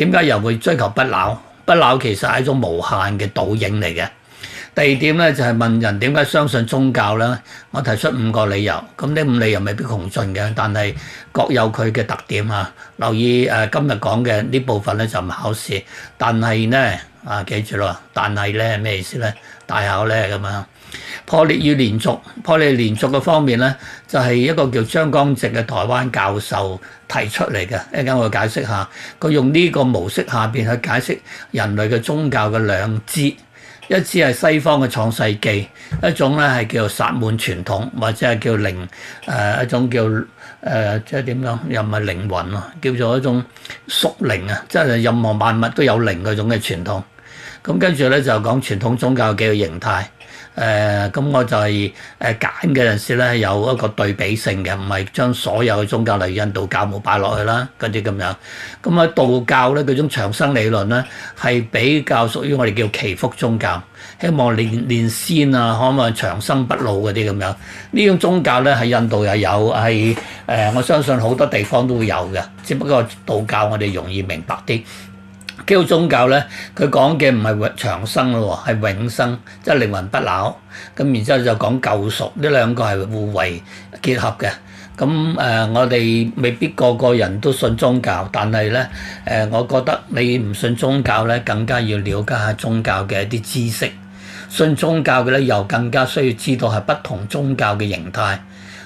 點解人會追求不朽？不朽其實係一種無限嘅倒影嚟嘅。第二點咧就係問人點解相信宗教啦？我提出五個理由，咁呢五理由未必窮盡嘅，但係各有佢嘅特點啊。留意誒今日講嘅呢部分咧就唔考試，但係咧啊記住咯，但係咧咩意思咧大考咧咁樣！破裂與連續，破裂連續嘅方面咧，就係、是、一個叫張光直嘅台灣教授提出嚟嘅，一陣間我解釋下，佢用呢個模式下邊去解釋人類嘅宗教嘅兩支，一支係西方嘅創世記，一種咧係叫薩滿傳統或者係叫靈，誒、呃、一種叫誒、呃、即係點講，又唔係靈魂咯，叫做一種宿靈啊，即係任何萬物都有靈嗰種嘅傳統。咁跟住咧就講傳統宗教嘅幾個形態。誒咁、嗯、我就係誒揀嘅陣時咧，有一個對比性嘅，唔係將所有嘅宗教嚟印度教冇擺落去啦，嗰啲咁樣。咁、嗯、啊，道教咧嗰種長生理論咧，係比較屬於我哋叫祈福宗教，希望練練仙啊，可唔可以長生不老嗰啲咁樣？呢種宗教咧喺印度又有，係誒、呃、我相信好多地方都會有嘅，只不過道教我哋容易明白啲。基督宗教咧，佢講嘅唔係長生咯，係永生，即、就、係、是、靈魂不朽。咁然之後就講救贖，呢兩個係互為結合嘅。咁、嗯、誒、呃，我哋未必個個人都信宗教，但係咧誒，我覺得你唔信宗教咧，更加要了解下宗教嘅一啲知識。信宗教嘅咧，又更加需要知道係不同宗教嘅形態。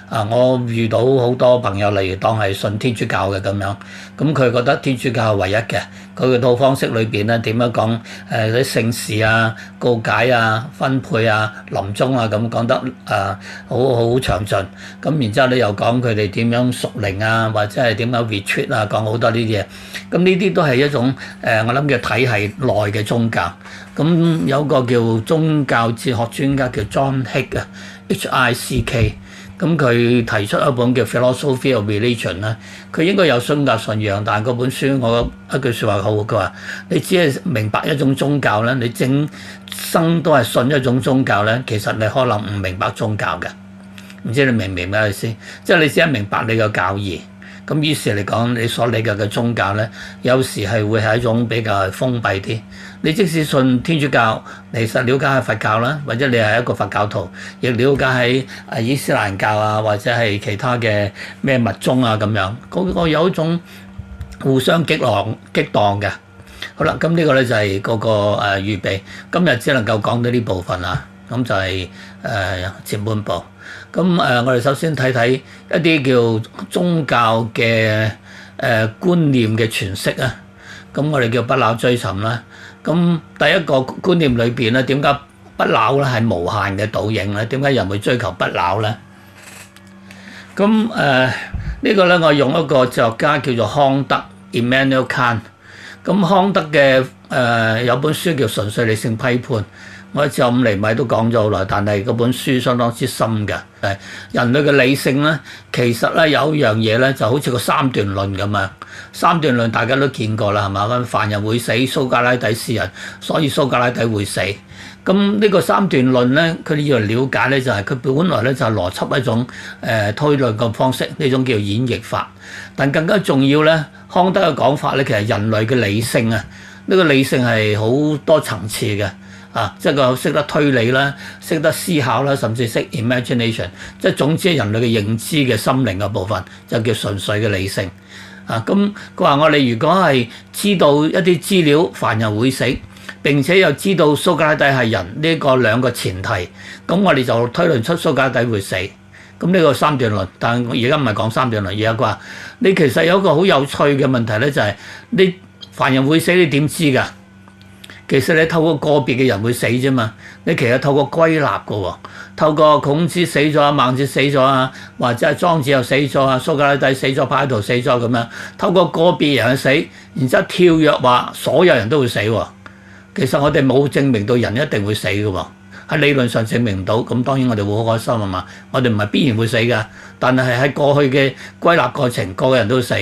啊！我遇到好多朋友，例如當係信天主教嘅咁樣，咁佢覺得天主教係唯一嘅。佢套方式裏邊咧，點樣講誒啲聖事啊、告解啊、分配啊、臨終啊咁講得啊、呃、好好，好詳盡。咁然之後你又講佢哋點樣屬靈啊，或者係點樣 retreat 啊，講好多呢啲嘢。咁呢啲都係一種誒、呃，我諗叫體系內嘅宗教。咁有個叫宗教哲學專家叫 John Hick 嘅 H-I-C-K。I C K, 咁佢提出一本叫《Philosophy of Religion》啦，佢應該有信教信仰，但係嗰本書我一句説話好，佢話你只係明白一種宗教咧，你整生都係信一種宗教咧，其實你可能唔明白宗教嘅，唔知你明唔明咩意思？即係你只係明白你個教義。咁於是嚟講，你所理解嘅宗教咧，有時係會係一種比較封閉啲。你即使信天主教，你實了解下佛教啦，或者你係一個佛教徒，亦了解喺啊伊斯蘭教啊，或者係其他嘅咩物宗啊咁樣，嗰個有一種互相激浪激盪嘅。好啦，咁呢個咧就係嗰個誒預備，今日只能夠講到呢部分啦。咁就係誒前半部，咁誒我哋首先睇睇一啲叫宗教嘅誒觀念嘅詮釋啊，咁我哋叫不朽追尋啦。咁第一個觀念裏邊咧，點解不朽咧係無限嘅倒影咧？點解人會追求不朽咧？咁誒呢個咧，我用一個作家叫做康德 （Immanuel Kant）。咁康德嘅誒有本書叫《純粹理性批判》。我一次有五厘米都講咗好耐，但係嗰本書相當之深嘅。誒，人類嘅理性咧，其實咧有一樣嘢咧，就好似個三段論咁啊。三段論大家都見過啦，係嘛？凡人會死，蘇格拉底是人，所以蘇格拉底會死。咁呢個三段論咧，佢要了解咧，就係、是、佢本來咧就係邏輯一種誒、呃、推論嘅方式，呢種叫演繹法。但更加重要咧，康德嘅講法咧，其實人類嘅理性啊，呢、這個理性係好多層次嘅。啊，即係個識得推理啦，識得思考啦，甚至識 imagination，即係總之人類嘅認知嘅心靈嘅部分，就叫純粹嘅理性。啊，咁佢話我哋如果係知道一啲資料，凡人會死，並且又知道蘇格拉底係人呢、呢個兩個前提，咁我哋就推論出蘇格拉底會死。咁呢個三段論，但係我而家唔係講三段論，而家佢話你其實有一個好有趣嘅問題咧，就係、係、你凡人會死，你點知㗎？其實你透過個別嘅人會死啫嘛，你其實透過歸納嘅喎，透過孔子死咗啊，孟子死咗啊，或者係莊子又死咗啊，蘇格拉底死咗，柏拉圖死咗咁樣，透過個別人去死，然之後跳躍話所有人都會死喎。其實我哋冇證明到人一定會死嘅喎，喺理論上證明唔到，咁當然我哋會好開心啊嘛。我哋唔係必然會死嘅，但係喺過去嘅歸納過程，個個人都會死。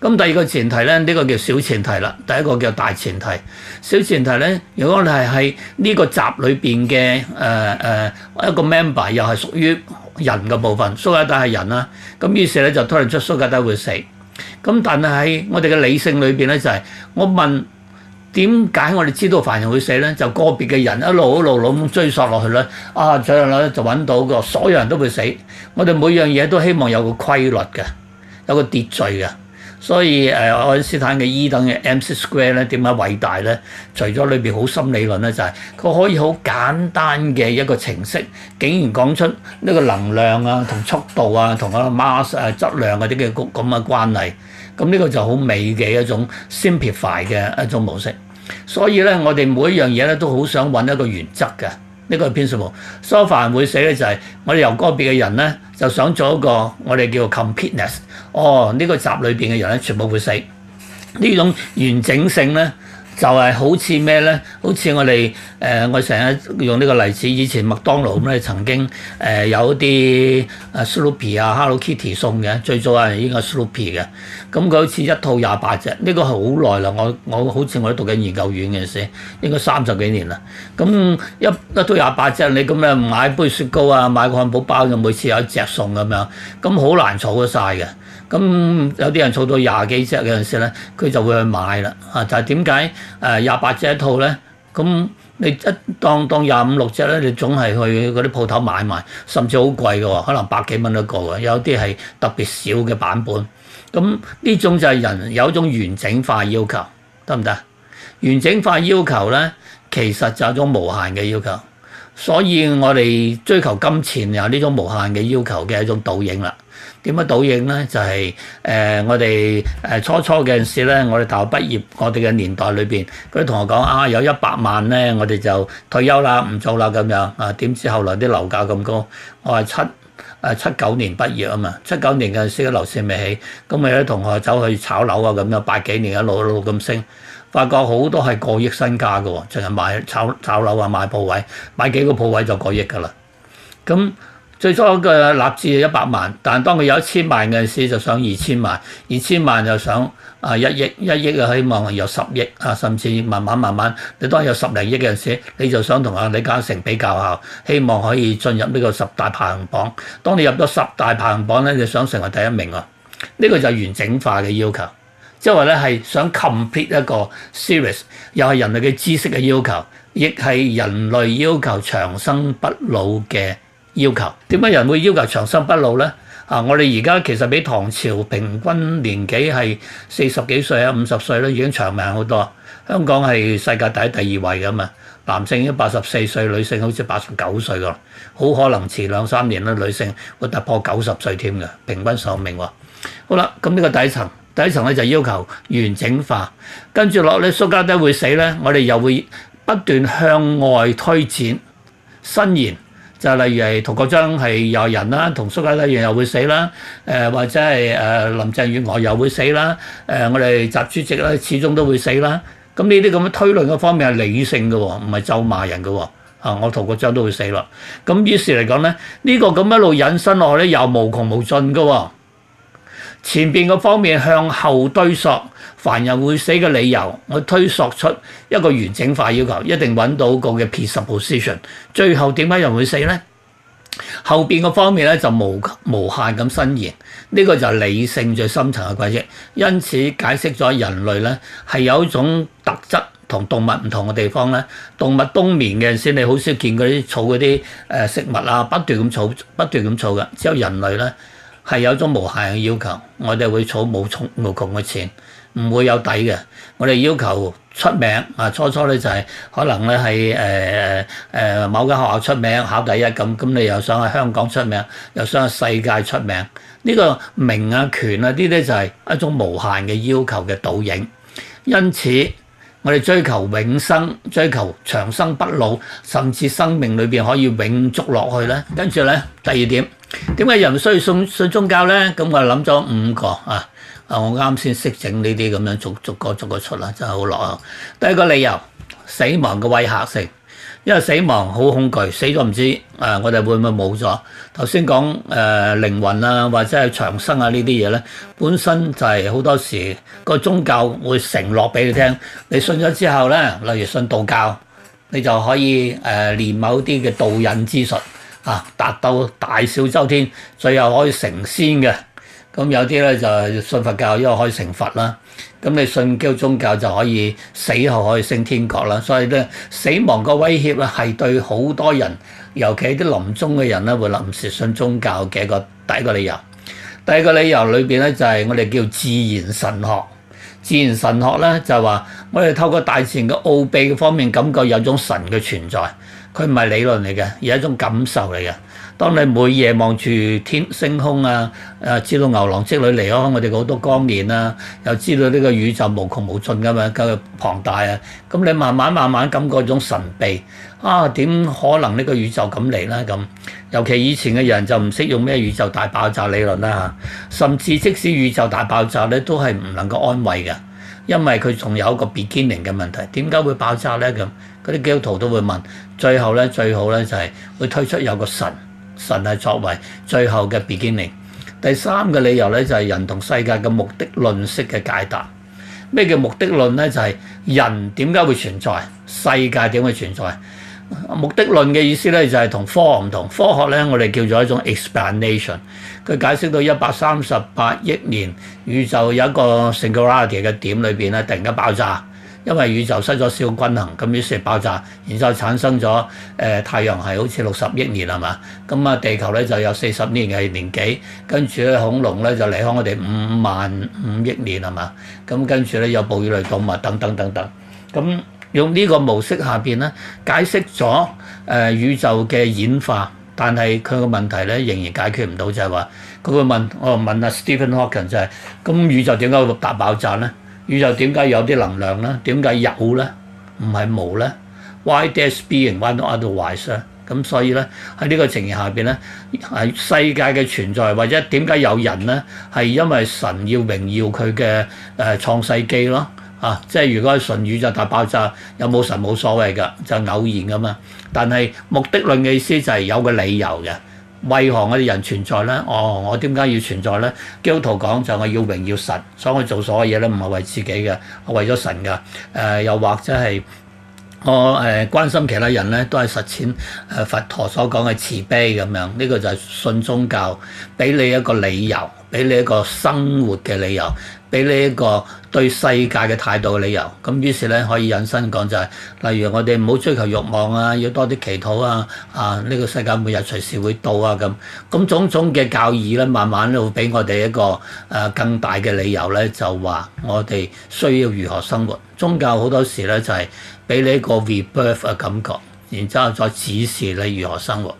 咁第二個前提咧，呢個叫小前提啦。第一個叫大前提。小前提咧，如果你係喺呢個集裏邊嘅誒誒一個 member，又係屬於人嘅部分，蘇格拉底係人啦。咁於是咧就推論出蘇格拉底會死。咁但係喺我哋嘅理性裏邊咧就係我問點解我哋知道凡人會死咧？就個別嘅人一路一路咁追索落去咧，啊再落咧就揾到個所有人都會死。我哋每樣嘢都希望有個規律嘅，有個秩序嘅。所以誒，愛因斯坦嘅 E 等於 mc square 咧，點解偉大咧？除咗裏邊好深理論咧，就係、是、佢可以好簡單嘅一個程式，竟然講出呢個能量啊、同速度啊、同啊 mass 誒質量嗰啲嘅咁嘅關係。咁呢個就好美嘅一種 simplify 嘅一種模式。所以咧，我哋每一樣嘢咧都好想搵一個原則嘅。呢個係 principle。所以凡係會死嘅，就係我哋由個別嘅人咧，就想做一個我哋叫 completeness。哦，呢個集裏面嘅人咧，全部會死。呢種完整性呢。就係好似咩咧？好似我哋誒、呃，我成日用呢個例子，以前麥當勞咁咧，曾經誒、呃、有一啲啊 Snoopy 啊 Hello Kitty 送嘅，最早係應該 Snoopy 嘅。咁佢好似一套廿八隻，呢、呢個係好耐啦。我我好似我都讀緊研究院嘅先，應該三十幾年啦。咁一一套廿八隻，你咁樣買杯雪糕啊，買個漢堡包就每次有一隻送咁樣，咁好難儲得晒嘅。咁有啲人儲到廿幾隻嗰陣時咧，佢就會去買啦。嚇，就係點解誒廿八隻一套咧？咁你一當當廿五六隻咧，你總係去嗰啲鋪頭買埋，甚至好貴嘅喎，可能百幾蚊一個嘅。有啲係特別少嘅版本。咁呢種就係人有一種完整化要求，得唔得？完整化要求咧，其實就係一種無限嘅要求。所以我哋追求金錢有呢種無限嘅要求嘅一種倒影啦。點樣倒影咧？就係、是、誒、呃、我哋誒初初嘅陣時咧，我哋大學畢業，我哋嘅年代裏邊，嗰啲同學講啊，有一百萬咧，我哋就退休啦，唔做啦咁樣啊。點知後來啲樓價咁高，我係七誒、啊、七九年畢業啊嘛，七九年嘅時，啲樓市未起，咁咪有啲同學走去炒樓啊咁樣，八幾年一路一路咁升，發覺好多係過億身家嘅喎，淨係買炒炒樓啊，買鋪位，買幾個鋪位就過億噶啦，咁。最初個立志一百萬，但當佢有一千萬嘅時，就想二千萬；二千萬又想啊一億，一億啊希望有十億啊，甚至慢慢慢慢，你當有十零億嘅時，你就想同阿李嘉誠比較下，希望可以進入呢個十大排行榜。當你入咗十大排行榜咧，你想成為第一名啊？呢個就係完整化嘅要求，即係話咧係想 complete 一個 series，又係人類嘅知識嘅要求，亦係人類要求長生不老嘅。要求點解人會要求長生不老呢？啊，我哋而家其實比唐朝平均年紀係四十幾歲啊、五十歲啦，已經長命好多。香港係世界第一第二位嘅嘛，男性已經八十四歲，女性好似八十九歲嘅啦，好可能遲兩三年咧，女性會突破九十歲添嘅。平均壽命喎。好啦，咁呢個第一層，第一層咧就要求完整化，跟住落咧，蘇格拉底會死咧，我哋又會不斷向外推展伸延。就例如係陶國章係有人啦，同蘇格拉底一樣又會死啦，誒、呃、或者係誒林鄭月娥又會死啦，誒、呃、我哋習主席咧始終都會死啦。咁呢啲咁嘅推論嘅方面係理性嘅喎，唔係咒罵人嘅喎、啊。我陶國章都會死啦。咁於是嚟講咧，呢、這個咁一路引申落去咧，又無窮無盡嘅喎。前邊嘅方面向後推索。凡人會死嘅理由，我推索出一個完整化要求，一定揾到個嘅 feasible position，最後點解人會死呢？後邊個方面咧就無無限咁伸延，呢、這個就係理性最深層嘅軌跡。因此解釋咗人類咧係有一種特質同動物唔同嘅地方咧。動物冬眠嘅時，你好少見嗰啲儲、嗰啲誒食物啊，不斷咁儲，不斷咁儲嘅。只有人類咧係有一種無限嘅要求，我哋會儲冇窮無窮嘅錢。唔會有底嘅。我哋要求出名啊，初初咧就係、是、可能咧係誒誒某間學校出名，考第一咁。咁你又想喺香港出名，又想喺世界出名。呢、這個名啊、權啊，呢啲就係一種無限嘅要求嘅倒影。因此，我哋追求永生，追求長生不老，甚至生命裏邊可以永續落去咧。跟住咧，第二點，點解人需要信信宗教咧？咁我諗咗五個啊。我啱先識整呢啲咁樣逐、逐逐個逐個出啦，真係好樂啊！第二個理由，死亡嘅威嚇性。因為死亡好恐懼，死咗唔知誒，我哋會唔會冇咗？頭先講誒靈魂啊，或者係長生啊呢啲嘢咧，本身就係好多時個宗教會承諾俾你聽，你信咗之後咧，例如信道教，你就可以誒、呃、練某啲嘅導引之術啊，達到大小周天，最後可以成仙嘅。咁有啲咧就信佛教，因為可以成佛啦。咁你信基督教就可以死後可以升天國啦。所以咧，死亡個威脅咧，係對好多人，尤其啲臨終嘅人咧，會臨時信宗教嘅一個第一個理由。第二個理由裏邊咧，就係、是、我哋叫自然神學。自然神學咧就係話，我哋透過大自然嘅奧秘方面，感覺有種神嘅存在。佢唔係理論嚟嘅，而係一種感受嚟嘅。當你每夜望住天星空啊，誒、啊、知道牛郎織女嚟啊，我哋好多光年啊，又知道呢個宇宙無窮無盡㗎嘛，咁龐大啊，咁你慢慢慢慢感覺種神秘啊，點可能呢個宇宙咁嚟呢？咁？尤其以前嘅人就唔識用咩宇宙大爆炸理論啦、啊、嚇、啊，甚至即使宇宙大爆炸咧，都係唔能夠安慰嘅，因為佢仲有一個 beginning 嘅問題，點解會爆炸呢？咁？嗰啲基督徒都會問，最後咧最好咧就係、是、會推出有個神。神係作為最後嘅 beginning。第三個理由咧就係人同世界嘅目的論式嘅解答。咩叫目的論咧？就係、是、人點解會存在？世界點會存在？目的論嘅意思咧就係同科學唔同。科學咧我哋叫做一種 explanation。佢解釋到一百三十八億年宇宙有一個 singularity 嘅點裏邊咧，突然間爆炸。因為宇宙失咗少均衡，咁於是爆炸，然後產生咗誒太陽系好似六十億年係嘛，咁啊地球咧就有四十億年嘅年紀，跟住咧恐龍咧就離開我哋五萬五億年係嘛，咁跟住咧有哺乳類動物等等等等，咁、嗯、用呢個模式下邊咧解釋咗誒宇宙嘅演化，但係佢個問題咧仍然解決唔到就係、是、話，佢問我問阿 Stephen Hawking 就係、是，咁、嗯、宇宙點解會會大爆炸咧？宇宙點解有啲能量咧？點解有咧？唔係冇咧？Why does being, why not otherwise？咁所以咧喺呢個情形下邊咧，係世界嘅存在或者點解有人咧，係因為神要榮耀佢嘅誒創世記咯啊！即係如果純宇宙大爆炸有冇神冇所謂㗎，就偶然㗎嘛。但係目的論嘅意思就係有個理由嘅。為何我哋人存在咧？哦，我點解要存在咧？基督徒講就係我要榮耀神，所以我做所有嘢咧，唔係為自己嘅，係為咗神嘅。誒、呃，又或者係我誒關心其他人咧，都係實踐誒佛陀所講嘅慈悲咁樣。呢、呢個就係信宗教，俾你一個理由，俾你一個生活嘅理由，俾你一個對世界嘅態度嘅理由，咁於是咧可以引申講就係、是，例如我哋唔好追求欲望啊，要多啲祈禱啊，啊、這、呢個世界每日隨時會到啊咁，咁種種嘅教義咧，慢慢都會俾我哋一個誒更大嘅理由咧，就話我哋需要如何生活。宗教好多時咧就係俾你一個 rebirth 嘅感覺，然之後再指示你如何生活。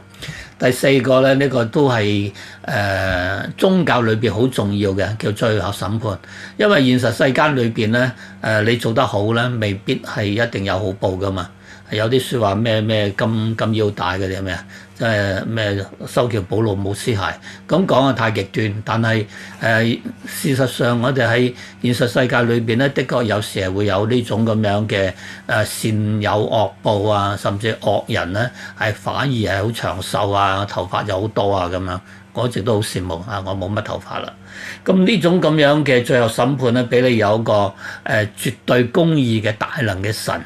第四個呢，呢、這個都係誒、呃、宗教裏邊好重要嘅，叫最後審判。因為現實世間裏邊呢，誒、呃、你做得好呢，未必係一定有好報㗎嘛。有啲説話咩咩金金腰帶嗰啲咩啊？即係咩修橋補路冇屍骸咁講啊，太極端。但係誒、呃、事實上，我哋喺現實世界裏邊咧，的確有時係會有呢種咁樣嘅誒善有惡報啊，甚至惡人咧係、啊、反而係好長壽啊，頭髮又好多啊咁樣，我一直都好羨慕嚇、啊，我冇乜頭髮啦。咁、啊、呢種咁樣嘅最後審判咧，俾你有一個誒、呃、絕對公義嘅大能嘅神。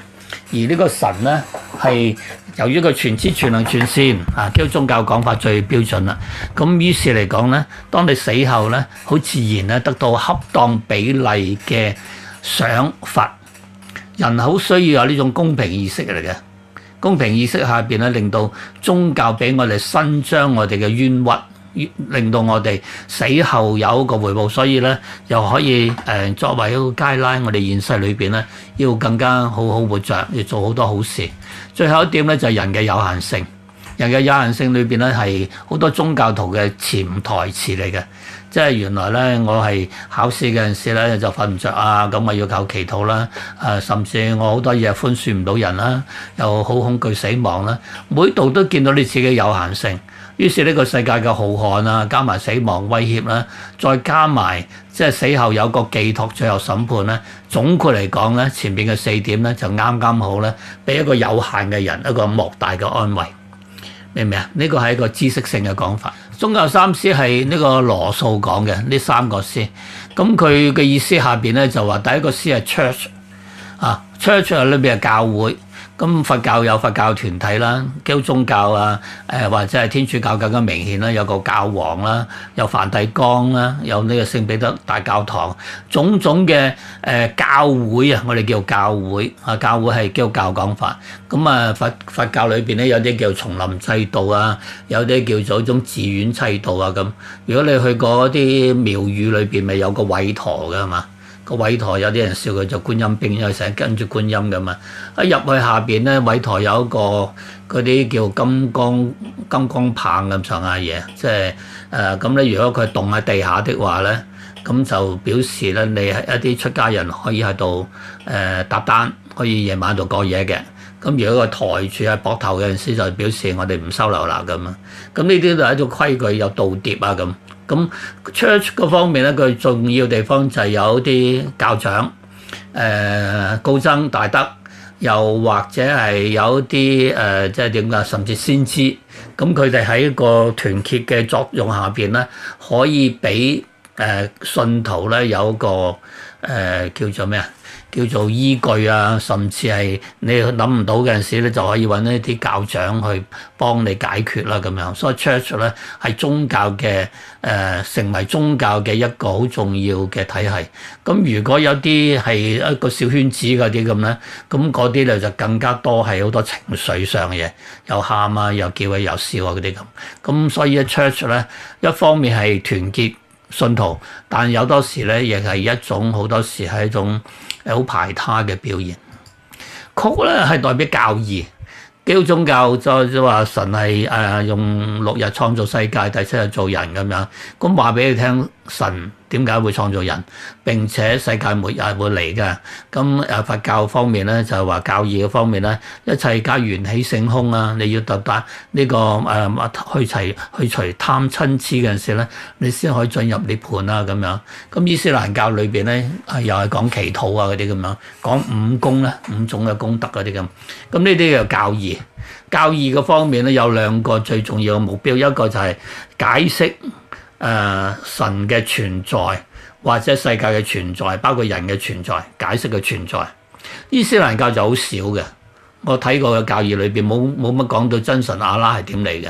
而呢個神呢，係由於佢全知全能全善，啊，叫宗教講法最標準啦。咁、啊、於是嚟講呢，當你死後呢，好自然咧得到恰當比例嘅賞罰。人好需要有呢種公平意識嚟嘅，公平意識下邊咧令到宗教俾我哋伸張我哋嘅冤屈。令到我哋死後有一個回報，所以咧又可以誒作為一個 guideline，我哋現世裏邊咧要更加好好活着，要做好多好事。最後一點咧就係、是、人嘅有限性，人嘅有限性裏邊咧係好多宗教徒嘅潛台詞嚟嘅，即係原來咧我係考試嗰陣時咧就瞓唔着啊，咁咪要靠祈禱啦。誒、啊，甚至我好多嘢寬恕唔到人啦，又好恐懼死亡啦，每度都見到你自己有限性。於是呢個世界嘅浩瀚啊，加埋死亡威脅啦，再加埋即係死後有個寄託、最後審判咧。總括嚟講咧，前邊嘅四點咧就啱啱好咧，俾一個有限嘅人一個莫大嘅安慰。明唔明啊？呢個係一個知識性嘅講法。宗教三師係呢個羅素講嘅呢三個師。咁佢嘅意思下邊咧就話第一個師係 church。Church 裏邊係教會，咁佛教有佛教團體啦，基督教啊，誒或者係天主教更加明顯啦，有個教皇啦，有梵蒂岡啦，有呢個聖彼得大教堂，種種嘅誒教會啊，我哋叫教會啊，教會係基督教講法。咁啊，佛佛教裏邊咧有啲叫叢林制度啊，有啲叫做一種寺院制度啊咁。如果你去過啲廟宇裏邊，咪有個韋馱㗎嘛。個委台，有啲人笑佢做觀音兵，因為成日跟住觀音咁啊！一入去下邊咧，委台有一個嗰啲叫金剛金剛棒咁上下嘢，即係誒咁咧。如果佢棟喺地下的話咧，咁就表示咧你係一啲出家人可以喺度誒搭單，可以夜晚喺度過夜嘅。咁如果個台柱喺膊頭嗰陣時，就表示我哋唔收留啦咁啊！咁呢啲就係一種規矩，有道疊啊咁。咁 church 嗰方面咧，佢重要地方就係有啲教長，誒、呃、高僧大德，又或者係有啲誒、呃，即係點講，甚至先知。咁佢哋喺一個團結嘅作用下邊咧，可以俾誒、呃、信徒咧有一個誒、呃、叫做咩啊？叫做依據啊，甚至係你諗唔到嘅陣時咧，就可以搵一啲教長去幫你解決啦咁樣。所以 church 咧係宗教嘅誒、呃，成為宗教嘅一個好重要嘅體系。咁如果有啲係一個小圈子嗰啲咁咧，咁嗰啲咧就更加多係好多情緒上嘅嘢，又喊啊，又叫啊，又笑啊嗰啲咁。咁所以一 church 咧一方面係團結。信徒，但有多時咧，亦係一種好多時係一種好排他嘅表現。曲咧係代表教義，基督教就即係話神係誒、呃、用六日創造世界，第七日做人咁樣。咁話俾你聽。神點解會創造人？並且世界末日係會嚟嘅。咁誒佛教方面咧，就係話教義嘅方面咧，一切皆緣起性空啊。你要達到呢、呢個誒、呃、去齊去除貪嗔痴嘅時咧，你先可以進入涅盤啊。咁樣，咁伊斯蘭教裏邊咧，又係講祈禱啊嗰啲咁樣，講五功咧，五種嘅功德嗰啲咁。咁呢啲又教義，教義嘅方面咧有兩個最重要嘅目標，一個就係解釋。誒、呃、神嘅存在或者世界嘅存在，包括人嘅存在，解釋嘅存在，伊斯蘭教就好少嘅。我睇過嘅教義裏邊冇冇乜講到真神阿拉係點嚟嘅。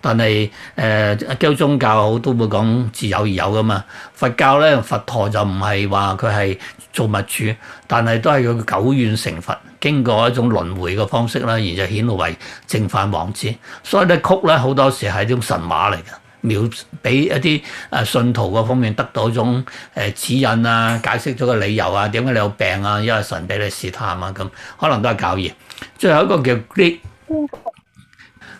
但係誒基督教好都會講自有而有㗎嘛。佛教咧，佛陀就唔係話佢係造物主，但係都係佢久遠成佛，經過一種輪迴嘅方式啦，而就顯露為淨飯王子。所以咧，曲咧好多時係啲神話嚟嘅。秒俾一啲啊信徒方面得到一種誒、呃、指引啊，解釋咗個理由啊，點解你有病啊？因為神俾你試探啊，咁可能都係教義。最後一個叫 Greek、啊、Greek，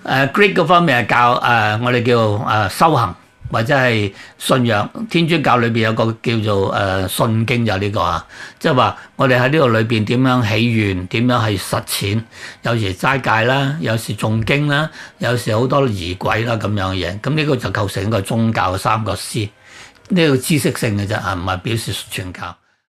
誒 Greek 嗰方面係教誒、啊、我哋叫誒、啊、修行。或者係信仰，天主教裏邊有個叫做誒、呃、信經就呢、這個啊，即係話我哋喺呢度裏邊點樣起源，點樣去實踐，有時齋戒啦，有時誦經啦，有時好多儀軌啦咁樣嘅嘢，咁呢個就構成一個宗教嘅三個師，呢、這個知識性嘅啫嚇，唔係表示傳教。